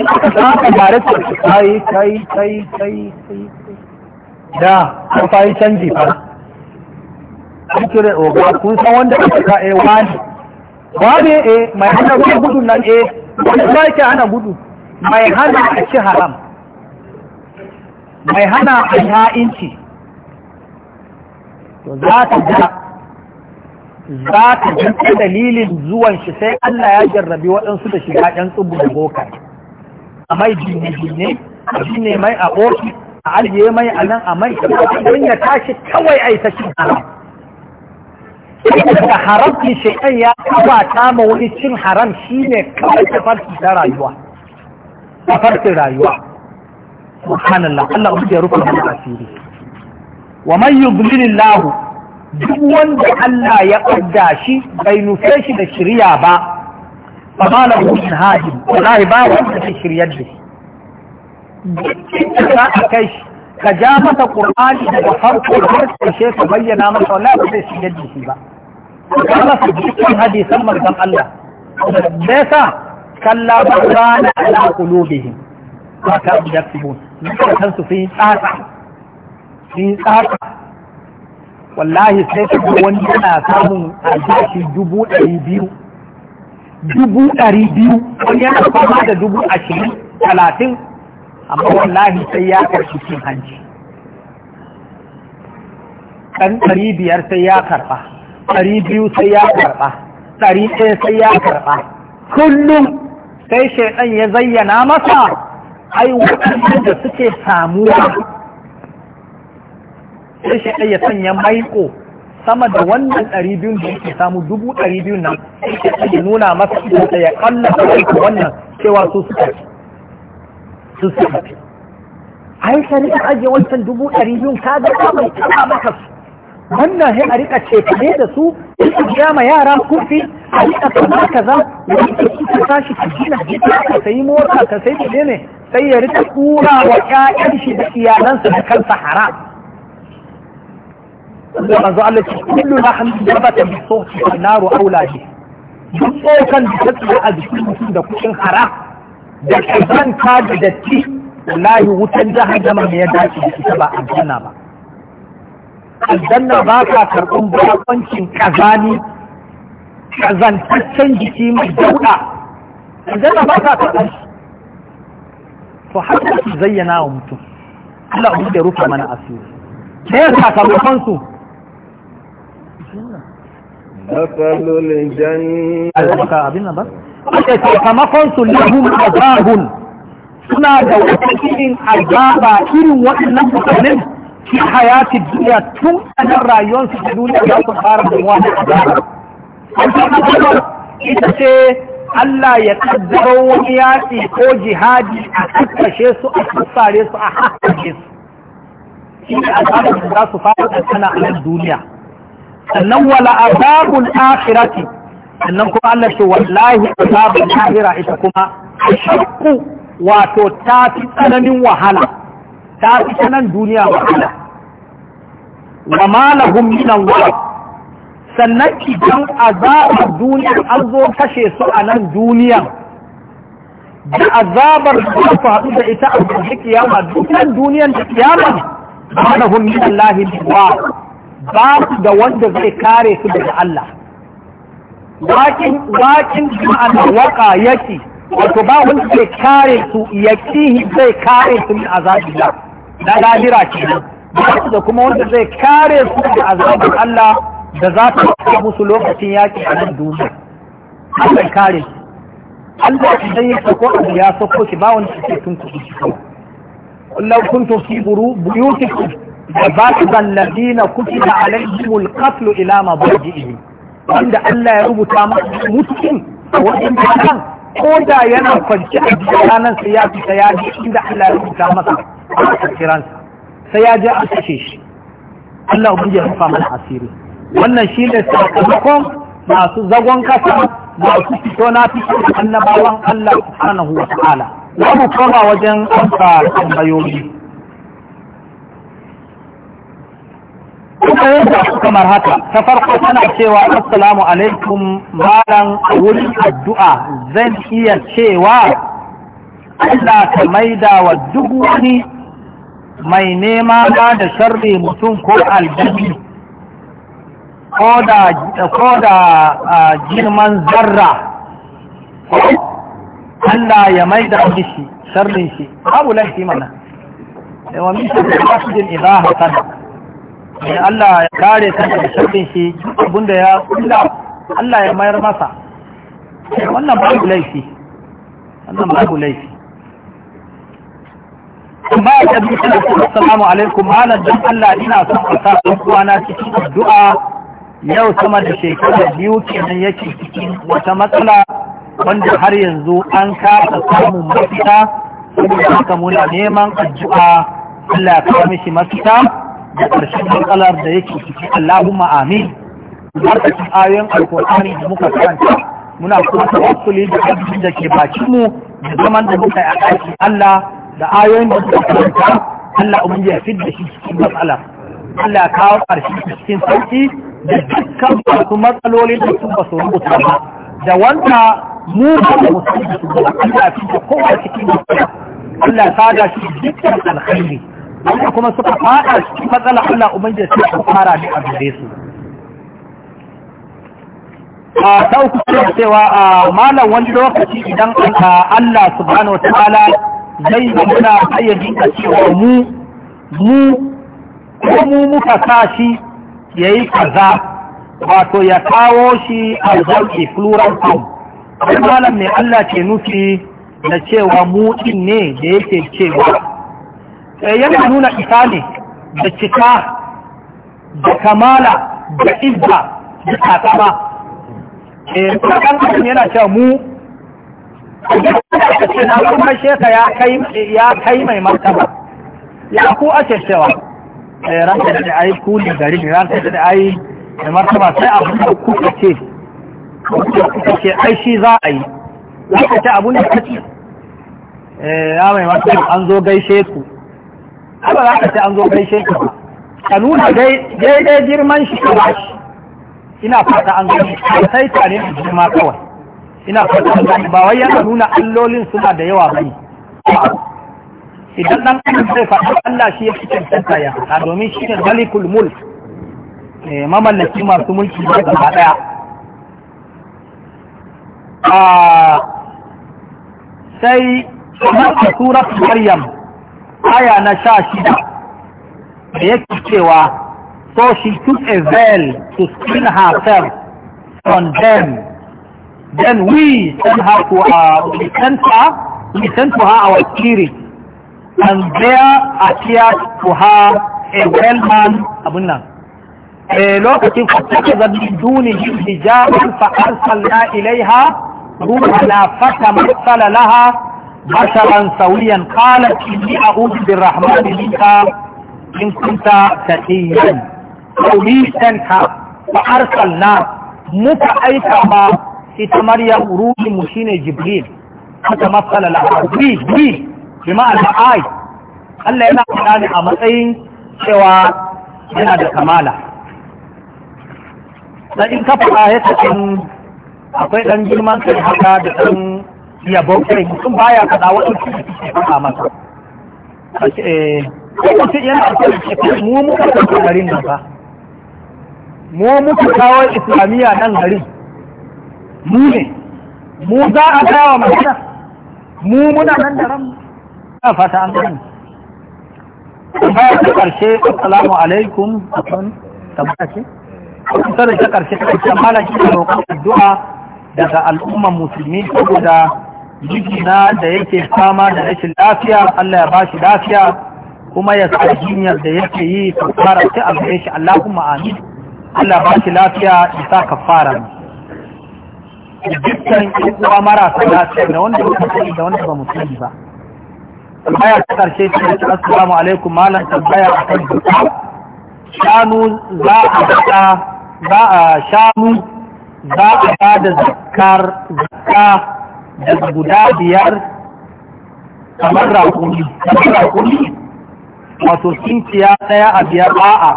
in aka sa aka bare su kai kai kai kai da an fahim canji fa an kira oga oh, kun san wanda aka ka eh wani wani eh mai hana gudun nan eh wani ba ke hana gudu mai hana a ci haram mai hana a sha'inci to za ta ga za ta jinta dalilin zuwan shi sai Allah ya jarrabi waɗansu da shiga ɗan tsubu da boka a mai jinne-jinne a jinne mai a ofi a aljiye mai a nan a mai don ya tashi kawai a yi ta cin haram da haramci shekan ya kawata ma wani cin haram shi ne kawai tafarki ta rayuwa tafarkin rayuwa subhanallah Allah wa man yudlil duk wanda Allah ya kadda shi bai nufe shi da shirya ba fa ba la min hajin da shirya da shi ka kai shi ka ja masa qur'ani da farko har shi ka bayyana masa wallahi ba ba Allah su cikin hadisan manzon Allah da yasa kalla ba ba na ala qulubihim ba zukatansu sun yi tsatsa sun yi tsatsa wallahi sai ka ga wani yana samun albashi dubu ɗari biyu dubu ɗari biyu wani yana fama da dubu ashirin talatin amma wallahi sai ya karfi cin hanci ɗan ɗari biyar sai ya karɓa ɗari biyu sai ya karɓa ɗari ɗaya sai ya karɓa kullum sai shaiɗan ya zayyana masa ai waɗannan da suke samuwa sai shi ya sanya maiko sama da wannan ɗari biyun da yake samu dubu ɗari biyun nan sai ya nuna masa idan da ya kalla maiko wannan cewa su suka su suka ai shari'a ajiye wancan dubu ɗari biyun ka ga mai kama maka su wannan sai a rika cefane da su su yaran ma yara kufi a rika kaza kaza wanda suka tashi ka gina gida ka sayi mota ka sai kuɗi ne sai ya rika tura wa ƴaƴan shi da iyalansa da kansa haram Allah manzo Allah ce kullu lahmin dabata bi sawti an-naru duk tsokan da ta tsaya a jikin mutum da kuɗin haram da kazanta da datti wallahi wutan jahannama ne ya dace da ita ba aljanna ba aljanna ba ka karɓin bakoncin kazani ƙazantaccen jiki mai dauɗa aljanna ba ka karɓar shi to har da su zayyana wa mutum Allah abu da rufe mana asiri me ya sakamakon su jan. sakamakon su lahum azahun suna da wata irin azaba irin waɗannan mutanen fi hayati duniya tun a nan rayuwarsu ta duniya za su fara da wani azaba ita ce Allah ya kaddaro wani yaƙi ko jihadi a kakkashe su a sassare su a hakkashe su shi ne azabar da za su fara da sana a nan duniya sannan wala azabul akhirati sannan kuma Allah ce wallahi azabul akhira ita kuma shakku wato ta fi tsananin wahala ta fi ta nan duniya wahala wa malahum minan wala sannan idan azabar duniya an zo kashe su a nan duniya da azabar da su faɗu da ita a gobe kiyama dukkan duniyan da kiyama malahum minan lahi wa ba su da wanda zai kare su daga Allah wakin wakin ma'ana waka yake wato ba wanda zai kare su yake zai kare su min azabillah na gadira kenan da kuma wanda zai kare su da azabin Allah da za ta kawo musu lokacin yaƙi a nan duniya Allah kare su Allah ya san ya ko abu ya sako shi ba wanda ke tun kuɗi shi kawai kullau kuntum fi buyutikum da ba su zalladina kutiba alaihimul qatlu ila mabajihi wanda Allah ya rubuta masa mutum wajen kan ko da yana kwanci a ranar sai ya fita ya ji inda Allah ya rubuta masa a sai ya je a kashe shi Allah ya rufa mana asiri wannan shi ne sakamakon masu zagon kasa masu fito na fito da annabawan Allah subhanahu wa ta'ala za mu koma wajen amsa tambayoyi Kuma da kamar haka, ta farko tana cewa Assalamu alaikum malam wuri addu'a zan iya cewa Allah ta maida wa duk wani mai nema ba da sharri mutum ko aljabi ko da girman zarra Allah ya mai da shi sharri shi abu laifi mana yawan misa da kafin idan hasan da Allah ya kare ta da sharri shi abinda ya kula Allah ya mayar masa wannan babu laifi wannan babu laifi amma ya tabi suna kuma assalamu alaikum malam dan Allah ina son a sa ɗan uwana cikin addu'a yau sama da shekara biyu kenan yake cikin wata matsala wanda har yanzu an kasa samun mafita saboda haka muna neman addu'a Allah ya kawo mishi mafita da ƙarshen matsalar da yake ciki Allahumma amin barkacin ayoyin alkur'ani da muka karanta muna kuma tawakkuli da abin da ke bakinmu da zaman da muka yi a ɗakin Allah da ayoyin da suka karanta Allah ubangiji ya da shi cikin matsala Allah ya kawo ƙarshe cikin sauki da dukkan masu matsalolin da su ba su rubuta ba da wanda mu ba da mutum da su ba Allah ya da kowa cikin matsala Allah ya sada shi dukkan alkhairi wanda kuma suka fada cikin matsala Allah ubangiji ya da fara da gare su a ɗauku cewa a malam wani lokaci idan Allah subhanahu wa ta'ala zai zamana sai ya cewa mu mu ko mu muka sa shi ya yi kaza wato ya kawo shi a zarki plural form kan malam mai Allah ke nufi da cewa mu ne da yake cewa eh, yana nuna isa ne da cika da kamala da izba da takama eh kan yana cewa mu na kuma sheka ya kai mai martaba ya ku ake cewa eh, ranka da ai kuli gari ranka da ai mai martaba sai abin da kuka ce kuka ce ai shi za a yi kuka ce abin da kace eh, ya mai martaba an zo gaishe ku haka za ka ce an zo gaishe ku ka nuna daidai girman shi ka ba ina fata an gani sai tare da girma kawai ina fata gani ba wai yana nuna allolin suna da yawa bane idan dan adam sai faɗi Allah shi ya fi cancanta ya domin shi ne malikul mulk eh, mamallaki masu mulki ne gaba ɗaya ah, sai a surat maryam aya na sha shida da yake cewa so she took a veil to screen herself from them then we send her to our, uh, we send we send to her our spirit, and there appears to her a well man, abunna, a lokacin fataka da duni hijaban fa arsalna ilaiha روحنا fata لها بشرا kala قالت a اعوذ بالرحمن منك in kunta taqiyan to we sent her fa arsalna muka aika ma ita maryam ruhin mu shine jibril haka masala la bi bi bi al ai Allah yana faɗa ne a matsayin cewa yana da kamala da in ka fara ya cikin akwai dan girman kai haka da dan ya kai mutum baya faɗa wani shi faɗa masa eh mutum yana cikin mu mu ka garin nan ba mu muka kawo islamiyya nan garin mu ne mu za a dawa magana mu muna nan da ran a fata an gani tambaya ta karshe assalamu alaikum akan tambaya ce kusa da ta karshe karshe mala shi da roƙon addu'a daga al'umman musulmi saboda jikina da yake fama da rashin lafiya Allah ya ba shi lafiya kuma ya sa jinyar da yake yi kafara sai a gare shi Allahumma amin Allah ba shi lafiya ya sa kafara ne dukkan kuma marasa lafiya da wanda ba sani da wanda ba mu sani ba tambaya ta karshe ta ce assalamu alaikum malam tambaya a kan duka shanu za a bada za a shanu za a bada zakar zakka da guda biyar kamar rakuni kamar rakuni wato kinciya daya a biyar a'a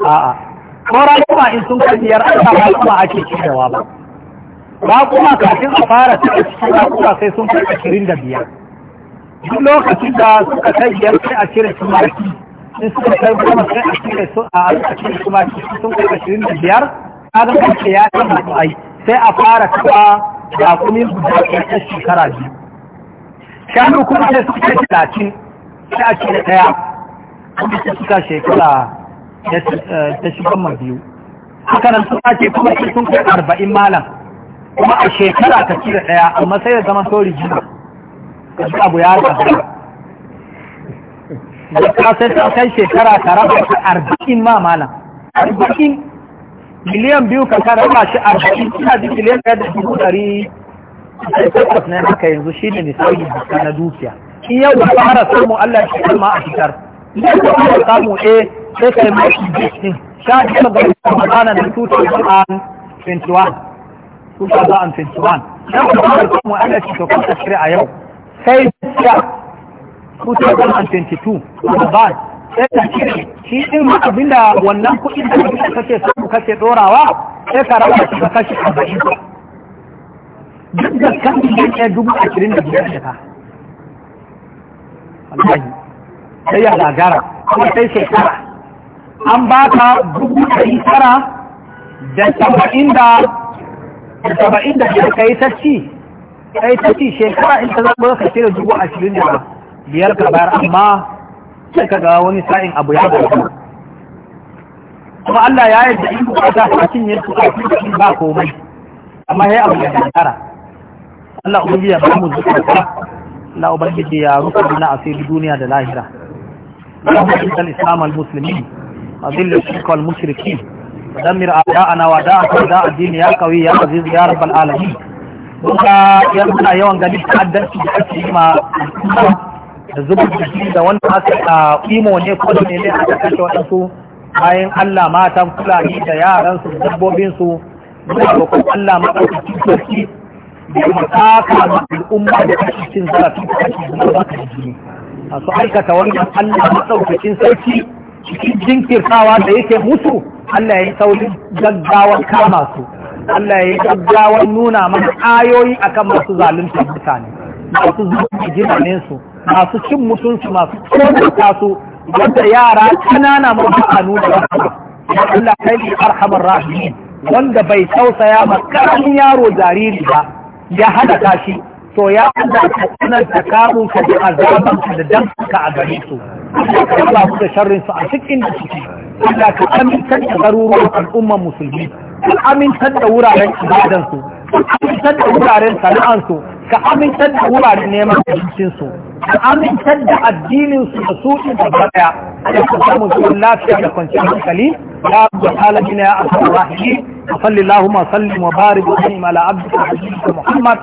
a'a Kora kuma in sun kai biyar an ba kuma ake cirewa ba ba kuma kafin a fara cika cikin kuma sai sun kai ashirin da biyar duk lokacin da suka kai biyar sai a cire tumaki in suka kai kuma sai a cire su a cire tumaki sun kai ashirin da biyar kaga kace ya yi masu ai sai a fara kuma da kuma guda ɗaya shekara biyu shanu kuma sai suka kai talatin sai a cire ɗaya kuma sai suka shekara da shigan biyu haka nan sun ake kuma shi sun kai arba'in malam kuma a shekara ka cire ɗaya amma sai da zama sori jina ka ji abu ya rasa da ka sai ta kai shekara ka raba shi arba'in ma malam arba'in miliyan biyu ka ka raba shi arba'in ina ji miliyan ɗaya da dubu ɗari sai takwas ne haka yanzu shi ne misali na dukiya in yau da fara samu Allah shi ma a fitar. Ina da fara samu eh sai kai mai ɗin sha ga na kuma da kuma shirya a yau sai sha ban sai ka shirya shi din da wannan kuɗin da kake samu kake ɗorawa sai ka shi ga kashi duk da kan ɗaya dubu ashirin da biyar da ka sai ya kuma sai shekara an ba ka dubu ɗari tara da saba'in da saba'in da biyar ka yi ta ci ka yi ta ci shekara in ta zaɓa ka da dubu ashirin da biyar ka bayar amma sai ka ga wani sa'in abu ya gaba kuma Allah ya yi da in bukata ta cinye su a cikin ba komai amma ya abu da tara Allah ubangiji ya ba mu ta, Allah ubangiji ya rufe a sai duniya da lahira. اللهم اعز الاسلام المسلمين أذل الشرك والمشركين ودمر أعداءنا وأعداءك أعداء الدين يا قوي يا عزيز alami. رب العالمين duka yana yawan ganin ta'addanci da ake ma da zubar da shi da wanda aka a kimo ne ko da ne aka kashe waɗansu bayan Allah matan fulani da yaran su dabbobin su da roƙon Allah maɗaukaki sarki da mataka ma al'umma da kashe cin zarafi da kashe zubar da jini a su aikata wannan Allah maɗaukakin sarki jinkirtawa da yake mutu Allah ya yi saurin gaggawar kama su Allah ya yi gaggawar nuna mana ayoyi akan masu zalunta mutane masu zuwa su masu cin mutunsu masu kodata su wanda yara ƙanana masu a nuna Allah kai ne arhamar rahimin wanda bai tausaya ma yaro jariri ba ya hada tashi to ya hada ka tsananta kamun ka da azaban da damka a gare su Allah ka su da sharrin su a duk inda suke Allah ka amintar da garuruwan al'umman musulmi ka amintar da wuraren ibadan su ka amintar da wuraren sana'an su ka amintar da wuraren neman abincin su ka amintar da addinin su da su da gaba da ku samu zuwan lafiya da kwanciyar hankali ya abu da talabina ya abu da ka salli Allahumma salli wa barik wa sallim ala abdika wa Muhammad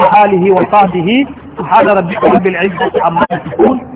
wa alihi wa sahbihi سبحان ربك رب العزة عما يصفون